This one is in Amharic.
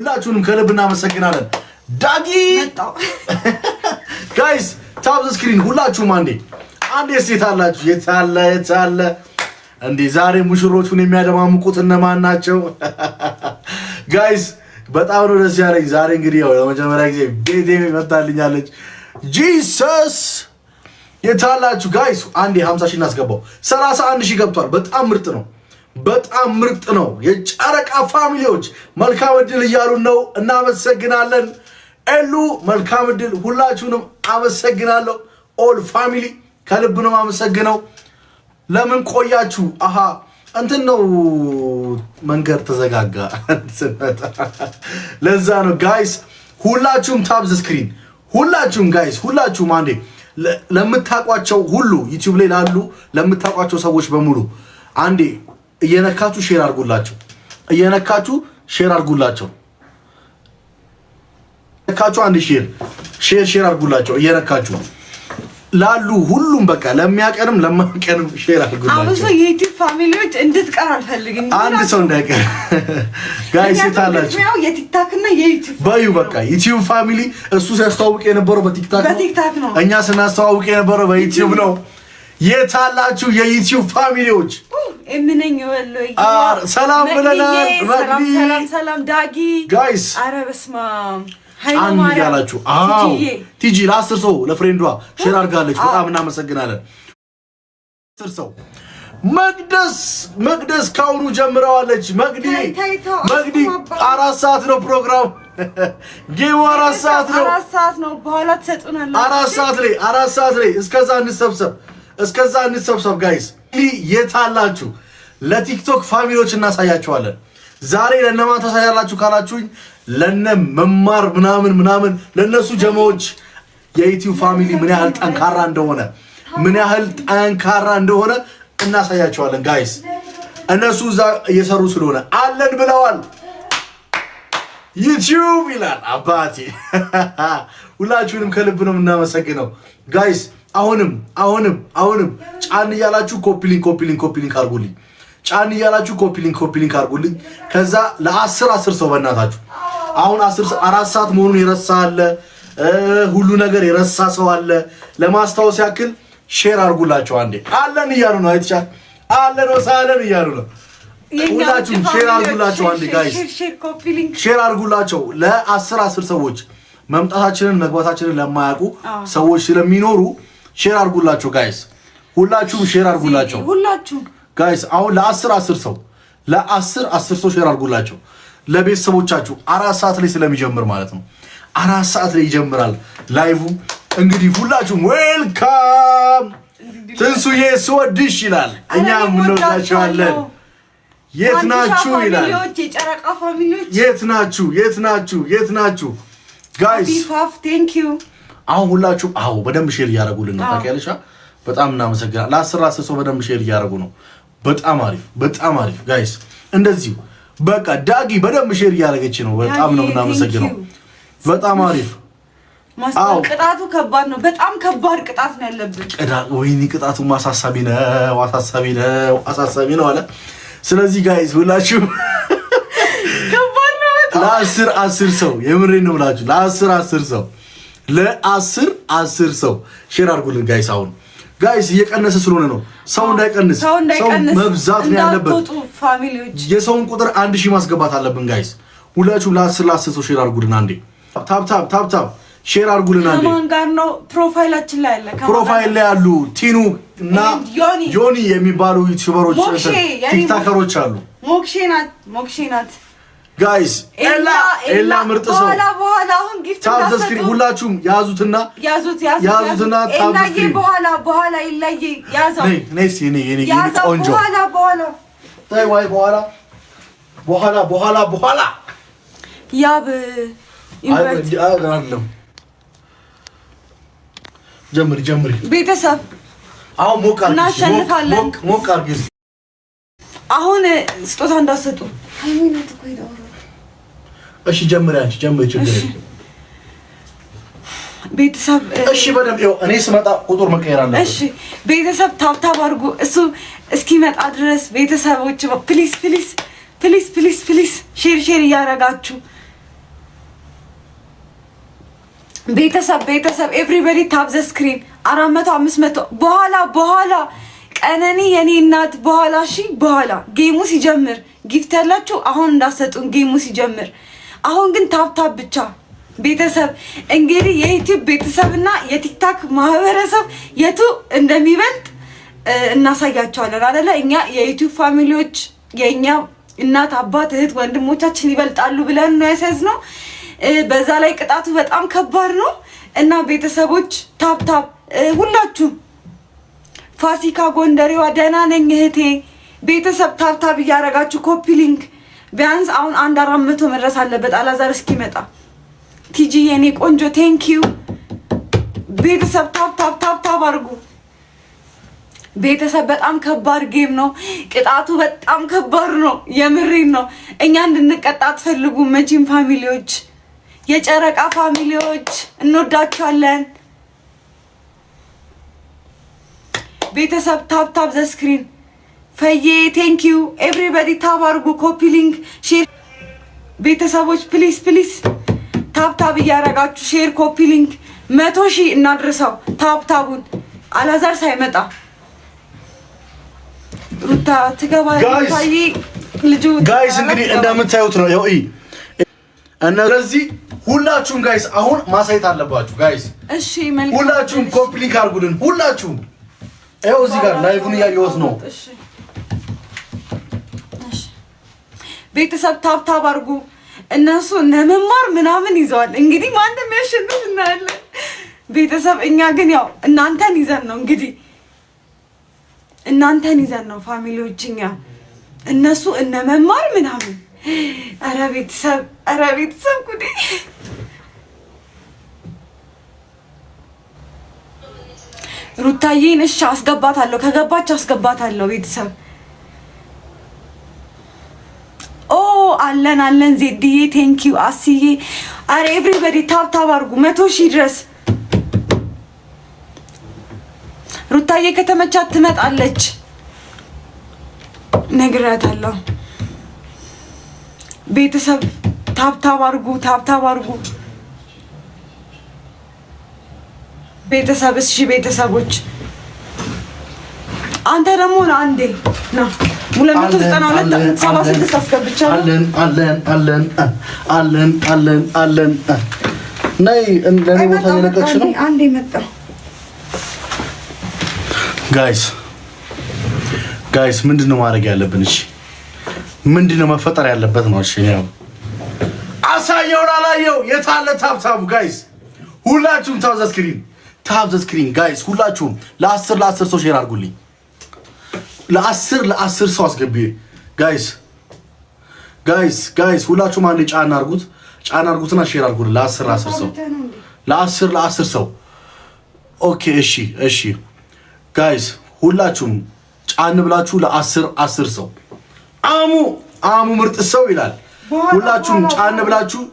ሁላችሁንም ከልብ እናመሰግናለን። ዳጊ ጋይስ ታፕ ስክሪን ሁላችሁም አንዴ አንዴ ሴት አላችሁ። የታለ የታለ እንዴ? ዛሬ ሙሽሮቹን የሚያደማምቁት እነማን ናቸው? ጋይስ በጣም ነው ደስ ያለኝ ዛሬ። እንግዲህ ያው ለመጀመሪያ ጊዜ ቤቴ መታልኛለች። ጂሰስ የታላችሁ ጋይስ? አንዴ 50 ሺህ እናስገባው። 31 ሺህ ገብቷል። በጣም ምርጥ ነው። በጣም ምርጥ ነው። የጨረቃ ፋሚሊዎች መልካም እድል እያሉን ነው። እናመሰግናለን። ኤሉ መልካም እድል። ሁላችሁንም አመሰግናለሁ። ኦል ፋሚሊ ከልብ ነው አመሰግነው። ለምን ቆያችሁ? አሀ እንትን ነው መንገድ ተዘጋጋ ለዛ ነው ጋይስ። ሁላችሁም ታብዝ ስክሪን ሁላችሁም ጋይስ ሁላችሁም አንዴ ለምታቋቸው ሁሉ ዩቲዩብ ላይ ላሉ ለምታቋቸው ሰዎች በሙሉ አንዴ እየነካችሁ ሼር አድርጉላቸው። እየነካችሁ ሼር አድርጉላቸው። እየነካችሁ አንድ ሼር ሼር ሼር አድርጉላቸው። እየነካችሁ ላሉ ሁሉም በቃ ለሚያቀንም ለማቀንም ሼር አድርጉላቸው። አብዙ የዩቲዩብ ፋሚሊዎች እንድትቀር አልፈልግም። አንድ ሰው እንዳይቀር ጋይስ የዩቲዩብ በዩ በቃ ዩቲዩብ ፋሚሊ እሱ ሲያስተዋውቅ የነበረው በቲክታክ ነው። እኛ ስናስተዋውቅ የነበረው በዩቲዩብ ነው። የታላችሁ የዩቲዩብ ፋሚሊዎች እምነኝ ወሎ ሰላም ብለናል። ሰላም ሰላም ዳጊ ጋይስ፣ ኧረ በስመ አብ ጫን አዎ፣ ቲጂ ለአስር ሰው ለፍሬንዷ ሼር አድርጋለች። በጣም እናመሰግናለን። አስር ሰው መቅደስ መቅደስ ከአሁኑ ጀምረዋለች። መቅዲ መቅዲ አራት ሰዓት ነው ፕሮግራም ጌሙ አራት ሰዓት ነው። አራት ሰዓት ነው በኋላ ትሰጡናለች። አራት ሰዓት ላይ አራት ሰዓት ላይ እስከዛ እንሰብሰብ፣ እስከዛ እንሰብሰብ ጋይስ የታላችሁ ለቲክቶክ ፋሚሊዎች እናሳያችኋለን። ዛሬ ለነማ ታሳያላችሁ ካላችሁኝ ለነ መማር ምናምን ምናምን ለነሱ ጀማዎች የዩቲዩብ ፋሚሊ ምን ያህል ጠንካራ እንደሆነ ምን ያህል ጠንካራ እንደሆነ እናሳያቸዋለን። ጋይስ እነሱ እዛ እየሰሩ ስለሆነ አለን ብለዋል። ዩቲዩብ ይላል አባቴ። ሁላችሁንም ከልብ ነው የምናመሰግነው ጋይስ አሁንም አሁንም አሁንም ጫን እያላችሁ ኮፒሊንግ ኮፒሊንግ ኮፒሊንግ አድርጉልኝ። ጫን እያላችሁ ኮፒሊንግ ኮፒሊንግ አድርጉልኝ። ከዛ ለአስር አስር ሰው በእናታችሁ አሁን አስር አራት ሰዓት መሆኑን የረሳ አለ፣ ሁሉ ነገር የረሳ ሰው አለ። ለማስታወስ ያክል ሼር አድርጉላቸው። አንዴ አለን እያሉ ነው። አይትቻ አለን ወሳለን እያሉ ነው። ሁላችሁም ሼር አድርጉላቸው። አንዴ ጋይስ ሼር አድርጉላቸው ለአስር አስር ሰዎች መምጣታችንን መግባታችንን ለማያውቁ ሰዎች ስለሚኖሩ ሼር አድርጉላቸው ጋይስ፣ ሁላችሁም ሼር አድርጉላቸው ጋይስ። አሁን ለአስር አስር ሰው ለአስር አስር ሰው ሼር አድርጉላቸው ለቤተሰቦቻችሁ አራት ሰዓት ላይ ስለሚጀምር ማለት ነው። አራት ሰዓት ላይ ይጀምራል ላይቭ። እንግዲህ ሁላችሁም ዌልካም። ትንሱዬ ስወድሽ ይላል፣ እኛም እንወዳቸዋለን። የት ናችሁ ይላል። የት ናችሁ? የት ናችሁ? የት ናችሁ ጋይስ አሁን ሁላችሁም አዎ በደንብ ሼር እያደረጉልን ነው። ታውቂያለሽ፣ በጣም እናመሰግናል። ለአስር አስር ሰው በደንብ ሼር እያደረጉ ነው። በጣም አሪፍ በጣም አሪፍ ጋይስ፣ እንደዚሁ በቃ ዳጊ በደንብ ሼር እያደረገች ነው። በጣም ነው እናመሰግነው። በጣም አሪፍ ቅጣቱ ከባድ ነው። በጣም ከባድ ቅጣት ነው ያለብን። ወይኔ ቅጣቱም አሳሳቢ ነው፣ አሳሳቢ ነው፣ አሳሳቢ ነው አለ። ስለዚህ ጋይስ ሁላችሁ ከባድ ነው ለአስር አስር ሰው የምሬ ነው ብላችሁ ለአስር አስር ሰው ለአስር አስር ሰው ሼር አድርጉልን ጋይስ። አሁን ጋይስ እየቀነሰ ስለሆነ ነው ሰው እንዳይቀንስ፣ ሰው መብዛት ነው ያለበት። የሰውን ቁጥር አንድ ሺህ ማስገባት አለብን ጋይስ። ሁላችሁም ለአስር ለአስር ሰው ሼር አድርጉልን አንዴ። ታፕ ታፕ ታፕ ታፕ ሼር አድርጉልን አንዴ። ከማን ጋር ነው ፕሮፋይላችን ላይ ያለ? ፕሮፋይል ላይ ያሉ ቲኑ እና ዮኒ የሚባሉ ዩቲዩበሮች ቲክታከሮች አሉ። ሞክሼ ናት ሞክሼ ናት ጋይስ ኤላ ኤላ ምርጥ ሰው በኋላ በኋላ አሁን ጊፍት ታብ ስክሪን ሁላችሁም ያዙትና ያዙት ያዙት ያዙትና ታብ ስክሪን በኋላ በኋላ ይለይ ያዘው ነይ ነይ እስኪ ነይ ነይ ቆንጆ በኋላ በኋላ ታይ ዋይ በኋላ በኋላ በኋላ በኋላ ያብ ኢንቨይት አይደለም ጀምሪ ጀምሪ ቤተሰብ አሁን ሞቅ አድርጊ እናሸንፋለን ሞቅ አድርጊ አሁን ስጦታ እንዳሰጡ ሃይማኖት እኮ ሄደው እሺ ጀምሪ፣ አንቺ ጀምሪ፣ ችግር ቤተሰብ እሺ፣ በደምብ ይኸው፣ እኔ ስመጣ ቁጥር መቀየር አለ። እሺ ቤተሰብ ታብታብ አድርጉ፣ እሱ እስኪመጣ ድረስ ቤተሰቦች፣ ፕሊስ ፕሊስ ፕሊስ ፕሊስ ፕሊስ፣ ሼር ሼር እያደረጋችሁ ቤተሰብ ቤተሰብ፣ ኤቭሪበዲ ታብ ዘ ስክሪን አራት መቶ አምስት መቶ በኋላ በኋላ ቀነኒ የኔ እናት በኋላ እሺ፣ በኋላ ጌሙ ሲጀምር ጊፍት ያላችሁ አሁን እንዳሰጡን ጌሙ ሲጀምር አሁን ግን ታብታብ ብቻ ቤተሰብ እንግዲህ የዩቲዩብ ቤተሰብና የቲክታክ ማህበረሰብ የቱ እንደሚበልጥ እናሳያቸዋለን አይደለ? እኛ የዩቲዩብ ፋሚሊዎች የእኛ እናት አባት፣ እህት ወንድሞቻችን ይበልጣሉ ብለን ነው ያስያዝነው። በዛ ላይ ቅጣቱ በጣም ከባድ ነው እና ቤተሰቦች ታብታብ ሁላችሁ ፋሲካ ጎንደሬዋ ደህና ነኝ እህቴ ቤተሰብ ታብታብ እያደረጋችሁ ኮፒ ሊንክ ቢያንስ አሁን አንድ አራት መቶ መድረስ አለበት አላዛር እስኪመጣ። ቲጂ የኔ ቆንጆ ቴንኪዩ ቤተሰብ ታፕ ታፕ ታፕ ታፕ አድርጉ። ቤተሰብ በጣም ከባድ ጌም ነው። ቅጣቱ በጣም ከባድ ነው። የምሬን ነው። እኛ እንድንቀጣ አትፈልጉ መቼም። ፋሚሊዎች፣ የጨረቃ ፋሚሊዎች እንወዳቸዋለን ቤተሰብ ታፕ ታፕ ዘስክሪን ፈዬ ቴንኪዩ ኤቭሪባዲ ታብ አድርጉ። ኮፒ ሊንክ ሼር ቤተሰቦች ፕሊስ ፕሊስ ታብታብ እያረጋችሁ ሼር ኮፒ ሊንክ መቶ ሺህ እናድርሰው። ታብታቡን አላዛር ሳይመጣ ሩታ ትገባለች። ልጁ ጋይስ እንግዲህ እንደምታዩት ነው ያው እነዚህ ሁላችሁም ጋይስ አሁን ማሳየት አለባችሁ ጋይስ። እሺ መልካም ሁላችሁም ኮፒ ሊንክ አድርጉልን ሁላችሁም። ይኸው እዚህ ጋር ላይቭን እያየሁት ነው። ቤተሰብ ታብታብ አድርጉ። እነሱ ነመማር ምናምን ይዘዋል። እንግዲህ ማን እንደሚያሸንፍ እናያለን። ቤተሰብ እኛ ግን ያው እናንተን ይዘን ነው እንግዲህ እናንተን ይዘን ነው ፋሚሊዎች። እኛ እነሱ እነ መማር ምናምን ኧረ ቤተሰብ ኧረ ቤተሰብ ጉዴ ሩታዬን እሺ አስገባታለሁ። ከገባች አስገባታለሁ ቤተሰብ አለን አለን። ዜድዬ ዩ አስዬ፣ አረ ኤቭሪበዲ ታብታብ አድርጉ መቶ ሺህ ድረስ። ሩታዬ ከተመቻት ትመጣለች፣ ነግራታለሁ። ቤተሰብ ታብታብ አርጉ ታብታብ አርጉ ቤተሰብ። እሺ ቤተሰቦች አንተ ደግሞ አንዴ ነው ጋይስ ጋይስ ምንድን ነው ማድረግ ያለብን? እሺ ምንድን ነው መፈጠር ያለበት ነው? እሺ ያው አሳየውን አላየው የታለ ታብታቡ ጋይስ ሁላችሁም ታብዘ ስክሪን ታብዘ ስክሪን ጋይስ ሁላችሁም ለአስር ለአስር ሰው ሼር አድርጉልኝ። ለአስር ለአስር ሰው አስገቢ። ጋይስ ጋይስ ጋይስ ሁላችሁም አንዴ ጫና አርጉት፣ ጫና አርጉትና ሼር አርጉት ለአስር ለአስር ሰው ለአስር ለአስር ሰው። ኦኬ እሺ እሺ ጋይስ ሁላችሁም ጫን ብላችሁ ለአስር አስር ሰው አሙ አሙ ምርጥ ሰው ይላል። ሁላችሁም ጫን ብላችሁ